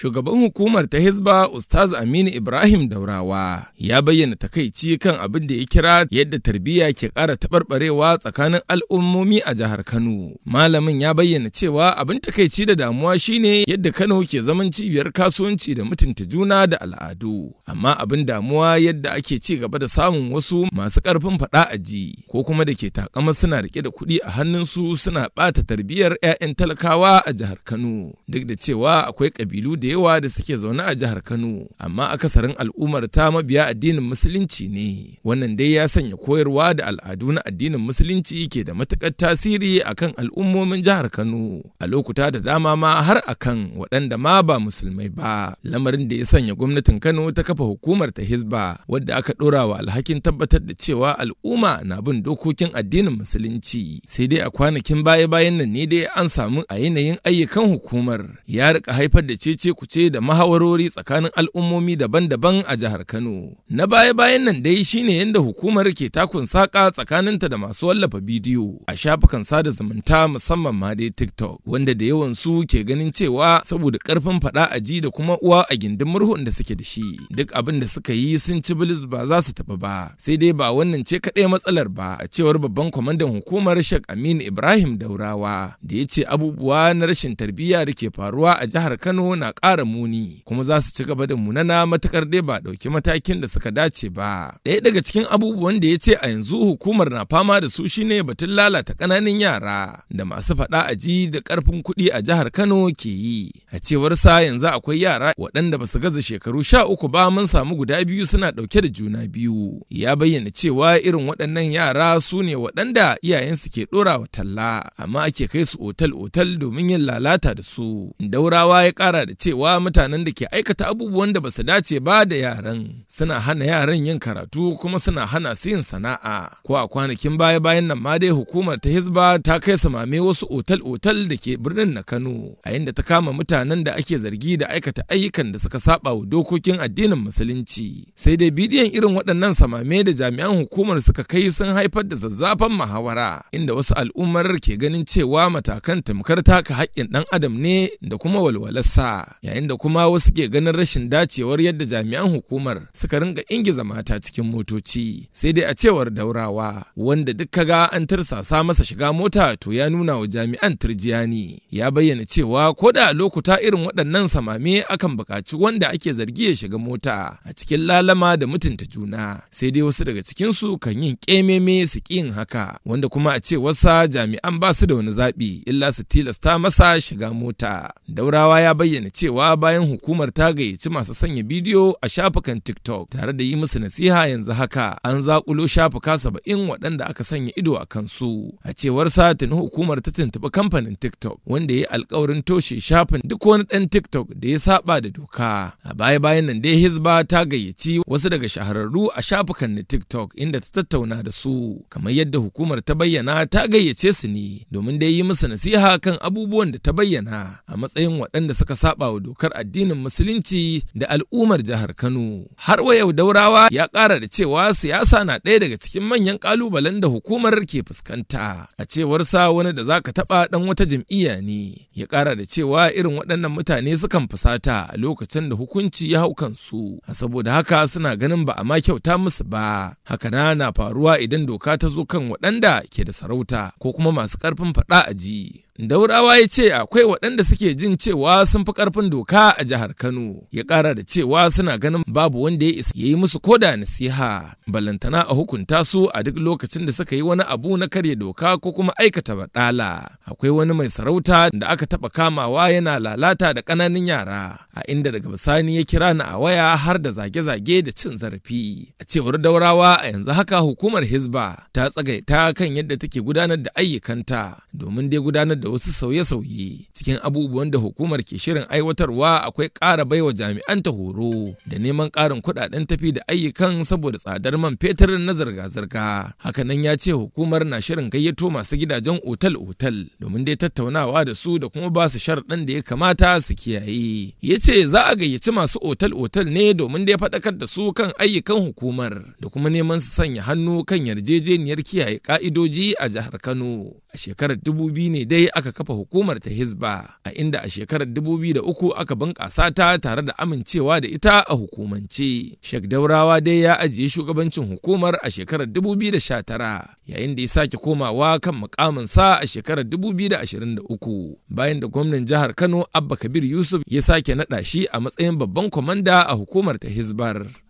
shugaban hukumar ta Hizba Ustaz Aminu Ibrahim Daurawa ya bayyana takaici kan abin da ya kira yadda tarbiyya ke ƙara taɓarɓarewa tsakanin al'ummomi a jihar Kano. Malamin ya bayyana cewa abin takaici da damuwa shine yadda Kano ke zaman cibiyar kasuwanci da mutunta juna da al'adu, amma abin damuwa yadda ake ci gaba da samun wasu masu ƙarfin faɗa a ji ko kuma da ke takama suna riƙe da kuɗi a hannunsu suna ɓata tarbiyyar 'ya'yan talakawa a jihar Kano, duk da cewa akwai ƙabilu da da yawa da suke zaune a jihar Kano, amma akasarin al'ummar ta mabiya addinin Musulunci ne. Wannan dai ya sanya koyarwa da al'adu na addinin Musulunci ke da matuƙar tasiri a kan al'ummomin jihar Kano, a lokuta da dama ma har a kan waɗanda ma ba musulmai ba. Lamarin da ya sanya gwamnatin Kano ta kafa hukumar ta Hizba, wadda aka ɗora wa alhakin tabbatar da cewa al'umma na bin dokokin addinin Musulunci. Sai dai a kwanakin baya-bayan nan ne dai an samu a yanayin ayyukan hukumar ya rika haifar da cece kuce da mahawarori tsakanin al'ummomi daban-daban a jihar Kano. Na baya-bayan nan dai shine yadda hukumar ke takun saƙa tsakaninta da masu wallafa bidiyo a shafukan sada zumunta musamman ma dai TikTok, wanda da yawan su ke ganin cewa saboda karfin fada a ji da kuma uwa a gindin murhun da suke da shi. Duk abin da suka yi sun ci bilis ba za su tafi ba, sai dai ba wannan ce kaɗai matsalar ba a cewar babban kwamandan hukumar Sheikh Amin Ibrahim Daurawa da ya ce abubuwa na rashin tarbiyya da ke faruwa a jihar Kano na ƙara muni kuma za su ci gaba da munana matakar dai ba ɗauki matakin da suka dace ba. Ɗaya daga cikin abubuwan da ya ce a yanzu hukumar na fama da su shine batun lalata ƙananan yara da masu faɗa a ji da ƙarfin kuɗi a jihar Kano ke yi. A cewar sa yanzu akwai yara waɗanda ba su gaza shekaru sha uku ba mun samu guda biyu suna ɗauke da juna biyu. Ya bayyana cewa irin waɗannan yara su ne waɗanda iyayensu ke ɗora wa talla amma ake kai su otal-otal domin yin lalata da su. Daurawa ya ƙara da cewa cewa mutanen da ke aikata abubuwan da ba su dace ba da yaran suna hana yaran yin karatu kuma suna hana su yin sana'a ko a kwanakin baya bayan nan ma dai hukumar ta hisba ta kai samame wasu otal-otal da ke birnin na kano a inda ta kama mutanen da ake zargi da aikata ayyukan da suka saba wa dokokin addinin musulunci sai dai bidiyon irin waɗannan samame da jami'an hukumar suka kai sun haifar da zazzafan mahawara inda wasu al'ummar ke ganin cewa matakan tamkar taka haƙƙin ɗan adam ne da kuma walwalarsa yayin da kuma wasu ke ganin rashin dacewar yadda jami'an hukumar suka ringa ingiza mata cikin motoci sai dai a cewar daurawa wanda duk kaga an tarsasa masa shiga mota to ya nuna wa jami'an turjiya ne ya bayyana cewa ko da lokuta irin waɗannan samame akan buƙaci wanda ake zargi ya shiga mota a cikin lalama da mutunta juna sai dai wasu daga cikin su kan yin ƙememe su ƙi yin haka wanda kuma a ce cewarsa jami'an ba su da wani zaɓi illa su tilasta masa shiga mota daurawa ya bayyana cewa cewa bayan hukumar ta gayyaci masu sanya bidiyo a shafukan TikTok tare da yi musu nasiha yanzu haka an zakulo shafuka saba'in waɗanda aka sanya ido a kansu. A cewar satin hukumar ta tuntuɓi kamfanin TikTok wanda ya yi alkawarin toshe shafin duk wani ɗan TikTok da ya saɓa da doka. A baya bayan nan dai Hizba ta gayyaci wasu daga shahararru a shafukan na TikTok inda ta tattauna da su kamar yadda hukumar ta bayyana ta gayyace su ne domin dai yi musu nasiha kan abubuwan da ta bayyana a matsayin waɗanda suka saba wa dokar addinin musulunci da al'ummar jihar Kano. Har wa yau Daurawa ya ƙara da cewa siyasa na ɗaya daga cikin manyan ƙalubalen da hukumar ke fuskanta. A cewar sa wani da zaka taɓa ɗan wata jam'iyya ne. Ya kara da cewa irin waɗannan mutane sukan fusata a lokacin da hukunci ya hau kansu. Saboda haka suna ganin ba a ma kyauta musu ba. Haka na na faruwa idan doka ta zo kan waɗanda ke da sarauta ko kuma masu ƙarfin faɗa a ji. Daurawa ya ce akwai waɗanda suke jin cewa sun fi ƙarfin doka a jihar Kano, ya ƙara da cewa suna ganin babu wanda ya isa ya yi musu koda nasiha, balantana a hukunta su a duk lokacin da suka yi wani abu na karya doka ko kuma aikata baɗala. Akwai wani mai sarauta da aka taɓa kamawa yana lalata da ƙananan yara, a inda daga bisani ya kira ni a waya har da zage-zage da cin zarafi. A cewar Daurawa a yanzu haka hukumar Hisba ta tsagaita kan yadda take gudanar da ayyukanta domin dai gudanar da da wasu sauye-sauye cikin abubuwan da hukumar ke shirin aiwatarwa akwai ƙara baiwa jami'an ta horo da neman ƙarin kuɗaɗen tafi da ayyukan saboda tsadar man fetur na zirga-zirga hakanan ya ce hukumar na shirin gayyato masu gidajen otal-otal domin dai tattaunawa da su da kuma basu su sharɗan da ya kamata su kiyaye ya ce za a gayyaci masu otal-otal ne domin dai faɗakar da su kan ayyukan hukumar da kuma neman su sanya hannu kan yarjejeniyar kiyaye ƙa'idoji a jihar Kano. a shekarar 2000 ne dai aka kafa hukumar ta hizba a inda a shekarar 2003 aka bunƙasa ta tare da amincewa da ita a hukumance shek daurawa dai ya ajiye shugabancin hukumar a shekarar 2019 yayin da ya sake komawa kan mukaminsa a shekarar 2023 bayan da gwamnan jihar kano abba kabir yusuf ya sake naɗa shi a matsayin babban kwamanda a hukumar ta hizbar